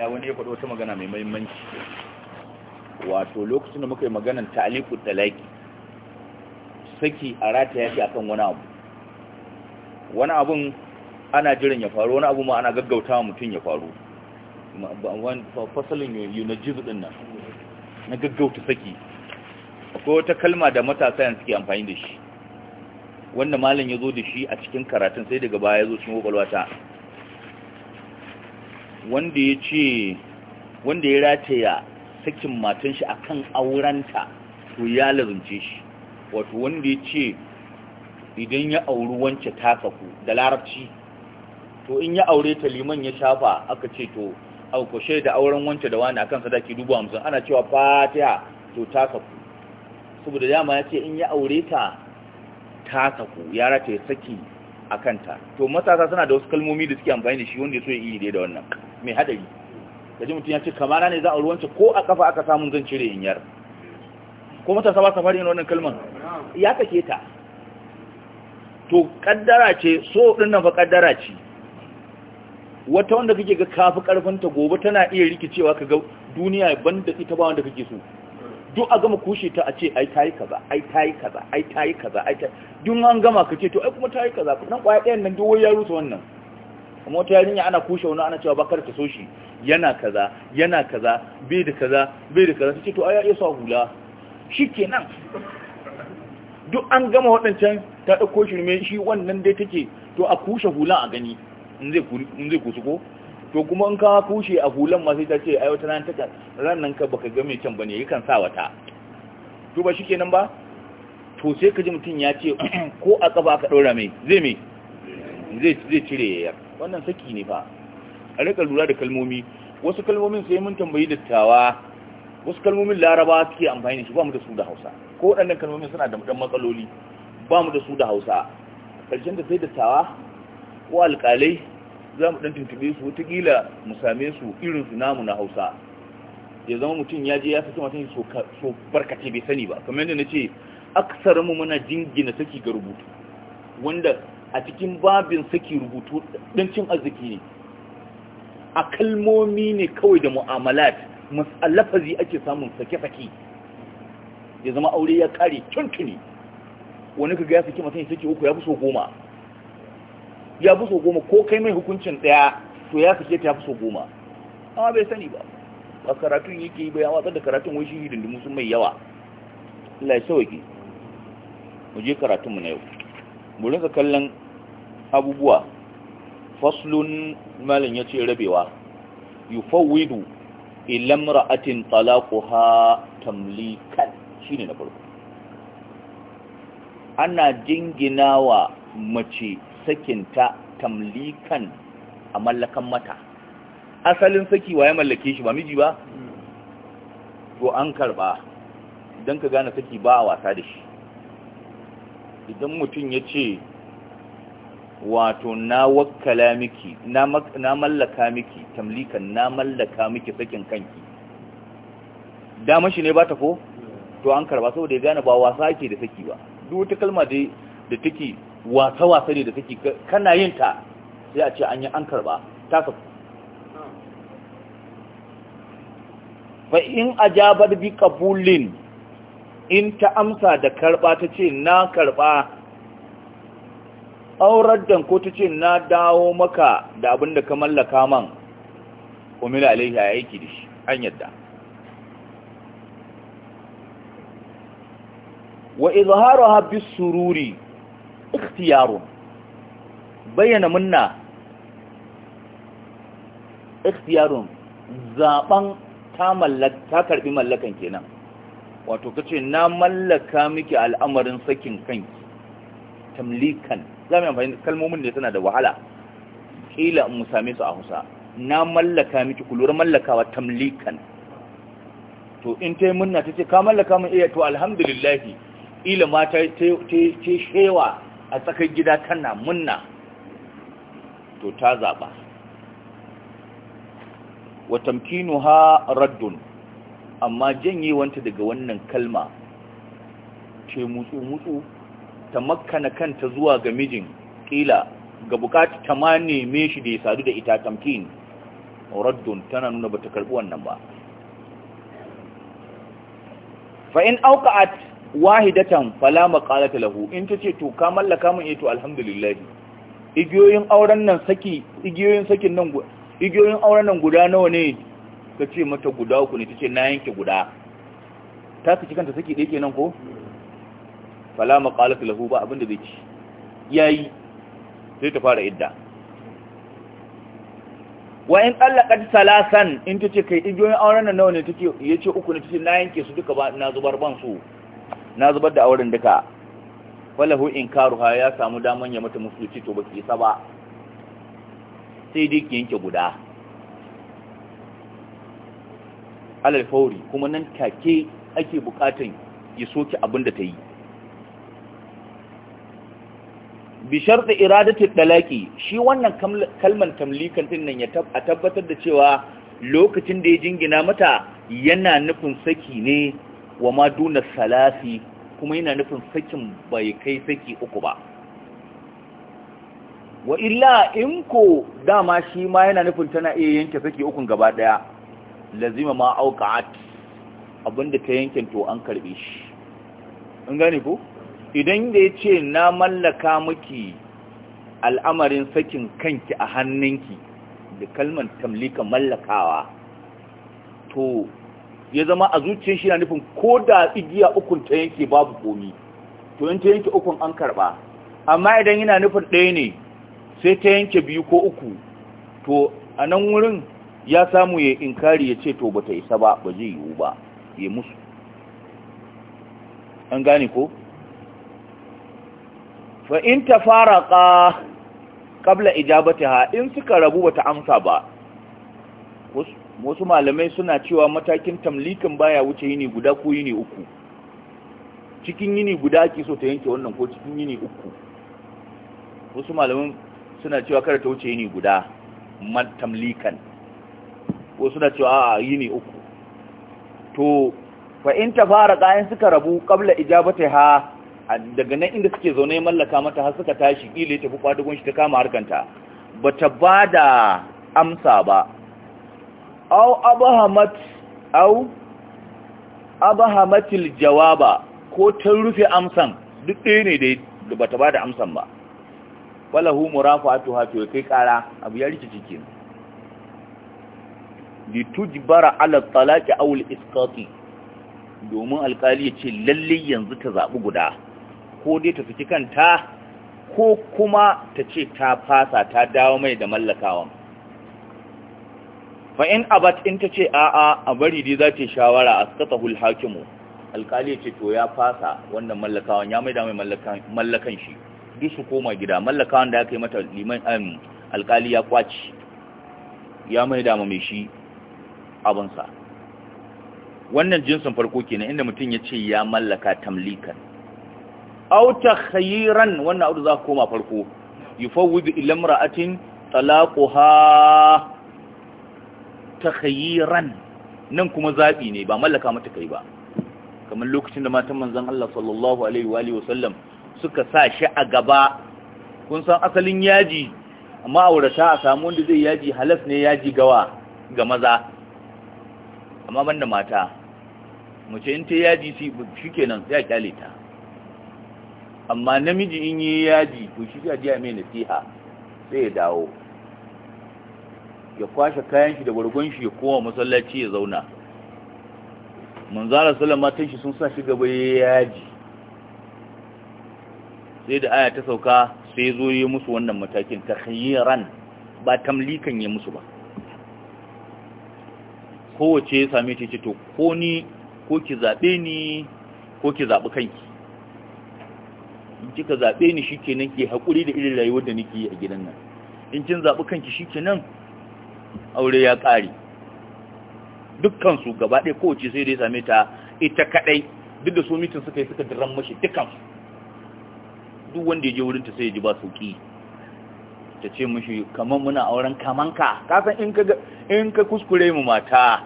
ya wani ya faɗo wata magana mai mahimmanci wato lokacin da muka yi maganan ta'aliku talaki saki a rata ya ce akan wani abu wani abun ana jiran ya faru wani abu ma ana gaggautawa mutum ya faru fasalin jizu din nan na gaggauta saki akwai wata kalma da matasa yanzu suke amfani da shi wanda malam ya zo da shi a cikin karatun sai daga baya ya zo cikin ta wanda ya ce wanda ya rataya sakin matan shi akan aurenta to ya lazumce shi wato wanda ya ce idan ya auri wance ta saku da larabci to in ya aure ta liman ya shafa aka ce to aukushe da auren wance da wani akan sadaki dubu hamsin ana cewa fatiha to ta saku saboda dama ya ce in ya aure ta ta saku ya rataya saki a kanta to matasa suna da wasu kalmomi da suke amfani da shi wanda ya so ya iya da wannan mai hadari kaji mutum ya ce kamara ne za a ruwanci ko a kafa aka samun zan cire yin yar ko matasa ba safari ne wannan kalman ya kake ta to kaddara ce so din nan fa kaddara ce wata wanda kake ga kafi karfin ta gobe tana iya rikicewa kaga duniya banda ita ba wanda kake so duk a gama kushe ta a ce ai tayi kaza ai tayi kaza ai tayi kaza ai tayi duk an gama kace to ai kuma tayi kaza nan kwaya ɗayan nan duk wai ya rusa wannan amma wata yarinya ana kushe wani ana cewa bakar ta so shi yana kaza yana kaza bai da kaza bai da kaza ce to ai ya iya sa hula shikenan duk an gama waɗancan ta ɗauko ne shi wannan dai take to a kushe hulan a gani in zai kusu ko to kuma in ka kushe a hulan ma sai ta ce ai wata ran ta nan ka baka game can bane yakan sa wata to ba shikenan ba to sai ka ji mutum ya ce ko a kafa ka ɗora mai zai mai zai cire yayar wannan saki ne fa a rika lura da kalmomi wasu kalmomin sai mun tambayi dattawa wasu kalmomin laraba suke amfani da shi ba mu da su da hausa ko waɗannan kalmomin suna da ɗan matsaloli ba mu da su da hausa ƙarshen da sai dattawa ko alƙalai za mu ɗan tuntube su wataƙila mu same su irin su namu na hausa ya zama mutum ya je ya fi sama sani so barkace bai sani ba kamar yadda na ce aksar mu muna jingina saki ga rubutu wanda a cikin babin saki rubutu don cin arziki ne a kalmomi ne kawai da mu'amalat matsalafazi ake samun sake-sake ya zama aure ya kare tuntuni wani kaga ya saki masani saki uku ya fi so goma ya fi so goma ko kai mai hukuncin daya to ya sake ta ya fi so goma amma bai sani ba ba karatun yake yi bai yawa da karatun wai shi hidindimu sun mai yawa Allah ya mu je karatunmu na yau mu rinka kallon abubuwa faslun malin ya ce rabewa fawidu ilam ra'atin ha tamlikan shine na farko ana wa mace sakinta tamlikan a mallakan mata asalin saki wa ya mallake shi ba miji ba hmm. to an karba don ka gane saki ba a wasa da shi idan mutum ya ce wato na wakkala miki na mallaka miki tamlikan na mallaka miki sakin kanki dama shi ne ba ta ko to an karba saboda ya gane ba wasa ake da saki ba duk wata kalma da take wasa wasa ne da saki kana yin ta sai a ce an yi an karba ta ka fa in ajabat bi kabulin in ta amsa da karba ta ce na karba auraddan ko ta ce na dawo maka da abin da ka mallaka man umila alaihi ya aiki da shi an yadda wa izharu bis sururi ikhtiyarun bayyana munna ikhtiyarun zaban ta mallaka ta karbi mallakan kenan wato kace na mallaka miki al'amarin sakin kanki tamlikan za mu amfani kalmomin da tana da wahala kila mu same su a Hausa na mallaka miki kulura mallakawa tamlikan to in ta yi munna ta ce ka mallaka mun iya eh, to alhamdulillahi ila ma ta ce shewa a tsakar gida kana munna to ta zaɓa wa tamkinu ha raddun amma janyewanta daga wannan kalma ce mutsu-mutsu ta makana kanta zuwa ga mijin ƙila ga bukata ta ma neme shi da ya sadu da ita tamkin raddun tana nuna ba ta karɓi wannan ba fa'in auka'at wahidatan fala maƙalata lahu in ta ce to ka mallaka mun eh to alhamdulillah igiyoyin auren nan saki igiyoyin sakin igiyoyin nan guda nawa ne ka ce mata guda uku ne ta ce na yanke guda ta saki kanta suke ɗaya kenan ko fala maqalat lahu ba abinda zai ci Ya yi, sai ta fara idda wa in tsallaka ta salasan in ta ce kai igiyoyin auren nan nawa ne ya ce uku ne ta ce na yanke su duka ba na zubar ban su na zubar da auren duka falahu ha ya samu daman ya mata musulci to ba baki isa ba sai dai ki yanke guda alal fauri kuma nan take ake bukatan ya soke abin da ta yi bi sharti iradati talaki shi wannan kalman tamlikan din nan ya tabbatar da cewa lokacin da ya jingina mata yana nufin saki ne wa ma salasi kuma yana nufin sakin bai kai saki uku ba wa illa in ko dama shi ma yana nufin tana iya yanke saki ukun gaba daya lazima ma auqat abinda ta yankin to an karbe shi in gane ko idan da yace na mallaka miki al'amarin sakin kanki a hannunki da kalman tamlika mallakawa to ya zama a zuciyar shi na nufin ko da igiya ukun ta yanke babu komi to in ta yanke ukun an karba amma idan yana nufin ɗaya ne sai ta yanke biyu ko uku to a nan wurin ya samu ya inkari ya ce to ba ta isa ba ba zai yiwu ba ya musu an gane ko fa in tafaraka qabla ijabatiha in suka rabu bata amsa ba wasu malamai suna cewa matakin tamlikin baya wuce yini guda ko yini uku cikin yini guda ake so ta yanke wannan ko cikin yini uku wasu malamai suna cewa kada ta wuce yini guda matamlikan tamlikan ko suna cewa a yi ne uku to fa in ta fara kayan suka rabu kabla ijabata ha daga nan inda suke zaune mallaka mata har suka tashi kila tafi kwadugun shi ta kama harkanta ba da amsa ba au au abahamatil jawaba ko ta rufe amsan duk ɗaya ne da ba da ba da amsan ba falahu murafa'atu hafi kai kara abu ya rikici kenan tujbara ala talaqi aw al-isqati domin alkali ya ce lalle yanzu ta zabi guda ko dai ta fiki kanta ko kuma ta ce ta fasa ta dawo mai da mallakawan fa in abat in ta ce a'a a bari dai za ta shawara askatahu al-hakimu alkali ya ce to ya fasa wannan mallakawan ya mai da mai mallakan shi duk su koma gida mallakawan da aka yi mata liman alkali ya kwaci ya mai da mai shi sa, wannan jinsin farko kenan inda mutum ya ce ya mallaka tamlikan aw khayiran wannan abu za ku koma farko yufawwidu ila imra'atin talaquha khayiran nan kuma zabi ne ba mallaka mata kai ba kamar lokacin da matan manzon Allah sallallahu alaihi wa alihi wasallam suka sa shi a gaba kun san asalin yaji amma aurata a samu wanda zai yaji halas ne yaji gawa ga maza amma banda mata mace in ta yaji shi kenan sai a kyale ta amma namiji in yi yaji to shi ya jiya mai nasiha sai ya dawo ya kwashe kayan shi da gwargon shi ya koma masallaci ya zauna manzara salama ta shi sun sa shi gaba ya yaji sai da aya ta sauka sai zo yi musu wannan matakin ta ba tamlikan ya musu ba kowace ya same ta ce to ko ni ko ki zaɓe ni ko ki zaɓi kanki in kika zaɓe ni shikenan ke haƙuri da irin rayuwar da nake yi a gidan nan in kin zaɓi kanki shikenan aure ya ƙare dukkan su gaba ɗaya kowace sai dai same ta ita kaɗai duk da su mitin suka yi suka diran mashi dukkan duk wanda ya je wurin ta sai ya ji ba sauki ta ce mushi kamar muna auren kamanka kasan in ka kuskure mu mata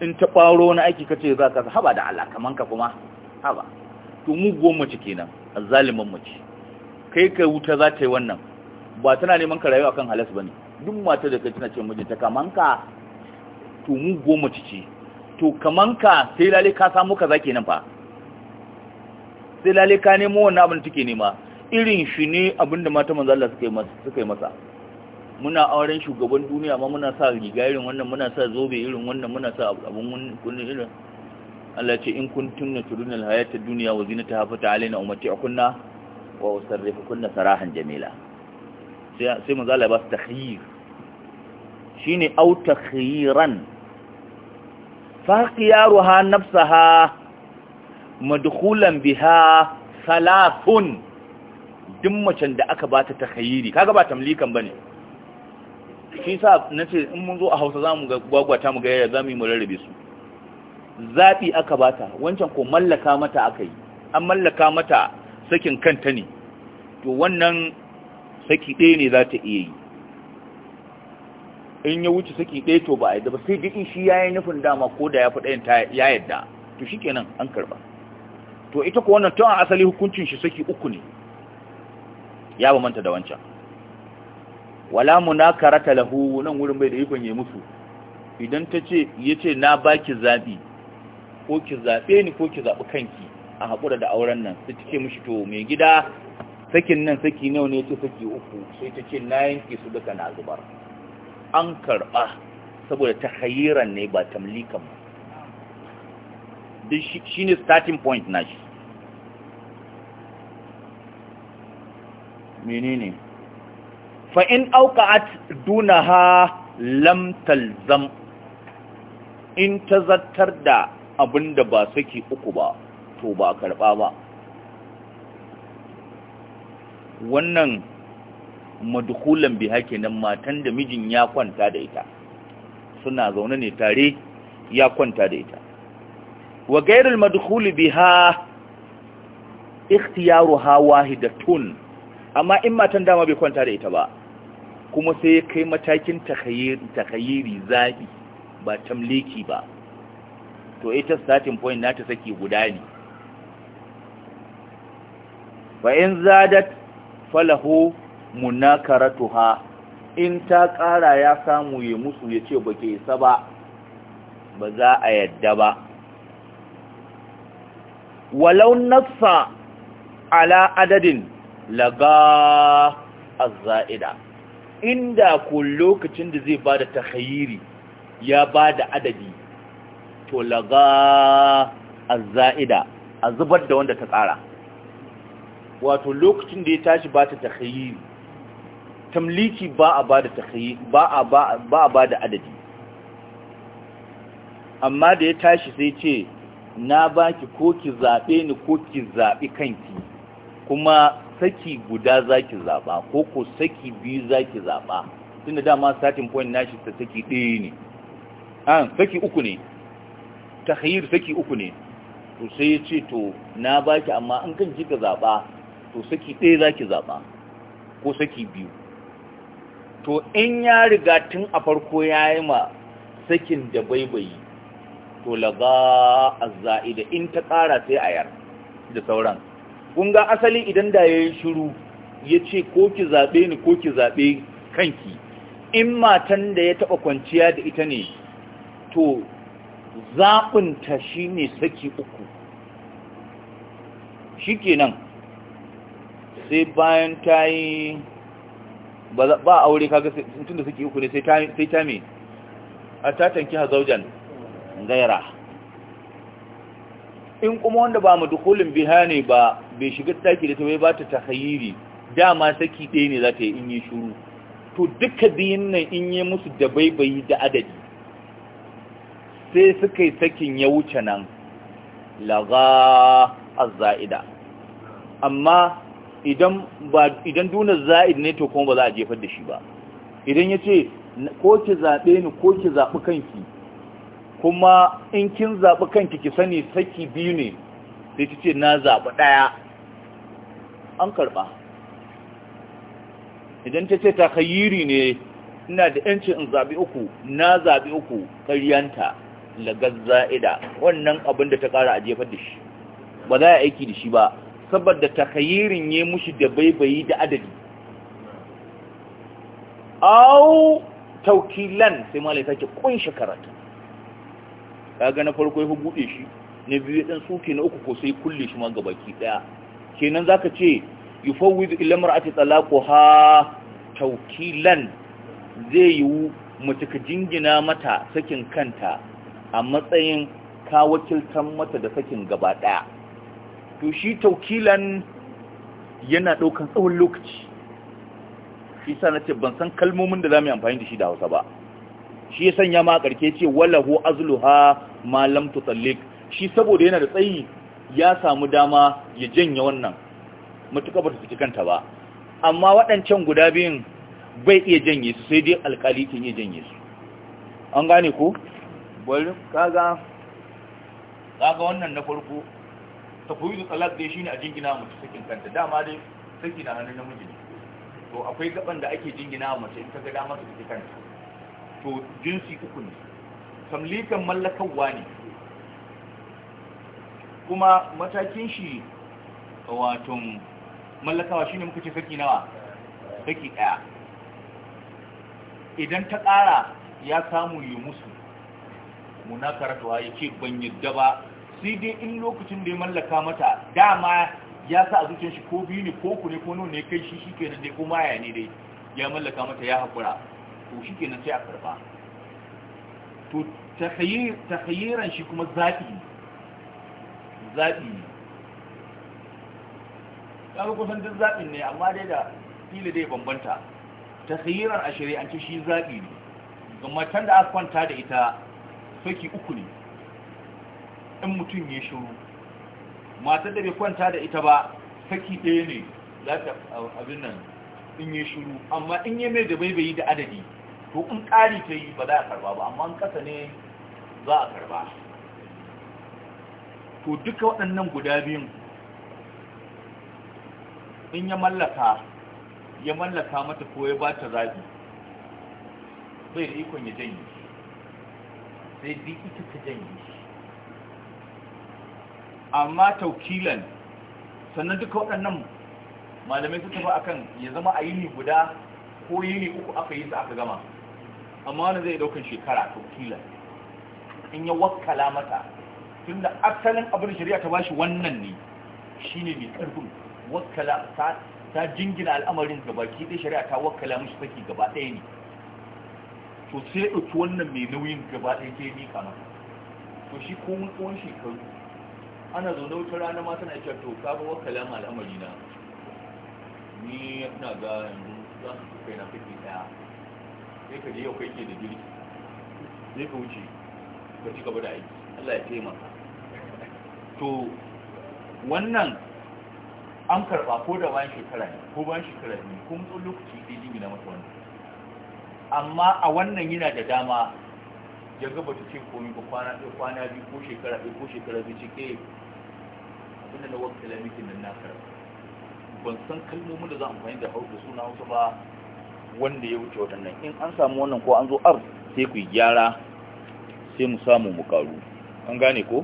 in ta ɓaro na aiki kace za ka haba da Allah kamanka kuma haba to mu goma ci kenan zaliman mace kai ka wuta za ta yi wannan ba tana neman ka rayuwa kan halas ne duk mata da kai tana ce mijinta kamanka to mu goma ci ce to kamanka sai lalle ka samu ke nan fa sai lalle ka nemo wannan abin take nema irin shi ne abinda mata manzo Allah suka yi masa muna auren shugaban duniya ma muna sa riga irin wannan muna sa zobe irin wannan muna sa abun kunni irin Allah ce in kuntum naturun alhayatid dunya wa zinataha fa ummati akunna wa usarrifukunna sarahan jamila sai sai manzo Allah ba su takhir shine au takhiran fa qiyaruha nafsaha madkhulan biha salafun duk macen da aka bata ta khayiri kaga ba tamlikan bane shi sa nace in mun zo a Hausa zamu ga gwagwata mu ga yaya zamu yi mu rarrabe su zabi aka bata wancan ko mallaka mata akai an mallaka mata sakin kanta ne to wannan saki ɗaya ne za ta iya yi in ya wuce saki ɗaya to ba a yadda ba sai duk shi ya yi nufin dama ko da ya fi ɗayan ya yadda to shi kenan an karba to ita ko wannan tun asali hukuncin shi saki uku ne ya bambanta da wancan wala munakarata lahu nan wurin bai da ikon yayi musu idan ta yace na baki zabi ko ki zabe ni ko ki zabi kanki a hakura da auren nan sai take mishi to mai gida sakin nan saki nawa ne yace saki uku sai ta ce na yanke su duka na zubar an karba saboda ta hayiran ne ba tamlikan duk shine starting point shi. menene fa in auqa'at dunaha lam talzam in tazattar da abinda ba saki uku ba to ba karba ba wannan madhulan biha kenan matan da mijin ya kwanta da ita suna zaune ne tare ya kwanta da ita wa gairul madkhul biha ikhtiyaruha wahidatun amma in matan dama bai kwanta da ita ba kuma sai ya kai matakin takayiri zaɓi ba tamliki ba to ita satin point ta saki guda ne fa in zadat falahu munakaratuha in ta ƙara ya samu ya musu ya ce ba ke isa ba ba za a yadda ba walau nassa ala adadin laga azza'ida inda ko lokacin da zai bada takhayiri ya bada adadi to laga azza'ida a zubar da wanda ta tsara wato lokacin da ya tashi ba ta takhayiri tamliki ba a bada takhayi ba a ba a bada adadi amma da ya tashi sai ce na baki ko ki zabe ni ko ki zabi kanki kuma saki guda zaki zaba ko ko saki biyu zaki zaba tunda dama starting point nashi ta saki ɗaya ne an saki uku ne ta tahyir saki uku ne to sai ya ce to na baki amma an kan jika zaba to saki ɗaya zaki zaba ko saki biyu to in ya riga tun a farko ya yi ma sakin da baibayi to laga azza'ida in ta ƙara sai a yar da sauran kun ga asali idan da yayin shiru ce ko ki zabe ni ko ki zabe kanki in matan da ya taɓa kwanciya da ita ne to zaɓinta shi ne saki uku shi kenan sai bayan ta yi ba aure kaga tun da saki uku ne sai ta mai a tatanki hazaujan gaira in kuma wanda ba madukulin biha ne ba bai shiga taki da ta bai ba ta tahayiri dama saki ɗaya ne za ta yi in yi shuru to duka biyun nan in yi musu da baibayi da adadi sai suka yi sakin ya wuce nan laga azza'ida amma idan ba idan duna za'id ne to kuma ba za a jefar da shi ba idan ya ce, ko ki zaɓe ni ko ki zaɓi kanki kuma in kin zaɓi kanki ki sani saki biyu ne sai ki ce na zaɓi ɗaya an karɓa idan ta ce ta ne ina da ‘yancin in zaɓi uku na zaɓi uku karyanta lagar za'ida wannan abin da ta ƙara a jefar da shi ba za a aiki da shi ba saboda ta hayirin ya mushi da baibayi da adadi au taukilan sai malai ke kunshi karatu kaga na farko ya buɗe shi na biyu ya dan suke na uku ko sai kulle shi ma gabaki ɗaya. kenan zaka ce yufawwidu ake mar'ati talaquha tawkilan zai yiwu mace ka jingina mata sakin kanta a matsayin ka wakiltan mata da sakin gaba daya to shi taukilan yana daukan tsawon lokaci shi sa ce ban san kalmomin da zamu amfani da shi da Hausa ba shi ya sanya ma a karke ce walahu azluha ma lam shi saboda yana da tsayi ya samu dama ya janye wannan mutuka ba ta saki kanta ba amma waɗancan guda biyun bai iya janye su sai dai alkali kan iya janye su an gane ko bari kaga kaga wannan na farko da talaq dai ne a jingina mace sakin kanta dama dai saki na hannun namiji ne to akwai gaban da ake jingina mace in ta ga damar ta saki kanta to jinsi uku ne tamlikan mallakawa ne kuma matakin shi wato mallakawa shine muka ce saki nawa saki daya idan ta kara ya samu yi musu munakaratuwa ya ce ban yadda ba sai dai in lokacin da ya mallaka mata dama ya sa a zuciyar shi ko biyu ne ko ku ne ko nuna ne kai shi shi kenan dai ko maya ne dai ya mallaka mata ya haƙura ko shikenan kenan sai a karba to tahayyiran shi kuma zaɓi zaɓi ne kaga kusan duk zaɓin ne amma dai da fili dai bambanta tahayyiran a shari'ance shi zaɓi ne ga can da aka kwanta da ita saki uku ne in mutum ya shiru matar da bai kwanta da ita ba saki ɗaya ne za ta abin nan in ya shiru amma in ya mai da bai bai da adadi to in ƙari ta yi ba za a karba ba amma in ƙasa ne za a karba to duka waɗannan guda biyun in ya mallaka ya mallaka mata ko ya ba ta zaɓi bai da ikon ya janye sai dai ita ta janye amma taukilan sannan duka waɗannan malamai suka ba akan ya zama a yini guda ko yini uku aka yi su aka gama amma wani zai daukan shekara ta kila in ya wakala mata tun da asalin abin shari'a ta bashi wannan ne shine mai ƙarfin wakala ta jingina al'amarin gabaki ɗaya shari'a ta wakala mashi saki gaba ɗaya ne to sai ya ɗauki wannan mai nauyin gaba ɗaya sai ya mika mata to shi komun tsawon shekaru ana zaune wata rana ma tana cewa to ka ga wakala ma al'amari na ni na ga yanzu za su kai na fiti ɗaya sai ka yau kai ke da girki sai ka wuce ka ci gaba da aiki Allah ya taimaka to wannan an karɓa ko da bayan shekara ne ko bayan shekara ne kun zo lokaci sai jimi na masa wannan amma a wannan yana da dama ya gaba ta ce komi ba kwana ɗaya kwana biyu ko shekara ɗaya ko shekara biyu ce ke abinda na wakilamitin da na karɓa ban san kalmomin da za a amfani da hau da suna hausa ba wanda ya wuce waɗannan in an samu wannan ko an zo ar sai ku gyara sai mu samu mu karu an gane ko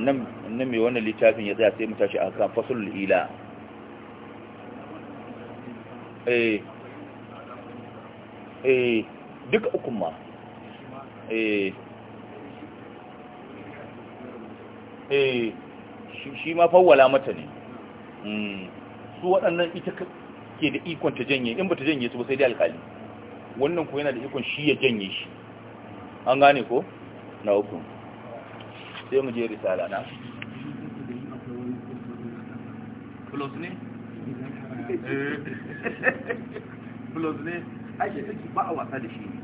nan mai wannan littafin ya tsaya sai mu tashi a kan fasulul ila eh eh duka ukun ma eh eh shi ma fawwala mata ne hmm. su waɗannan ita ke da ikon ta janye in ba ta janye su ba sai dai alkali wannan ko yana da ikon shi ya janye shi an gane ko na uku sai mu je risala na plus ne plus eh. ne ake take ba a wasa da shi ne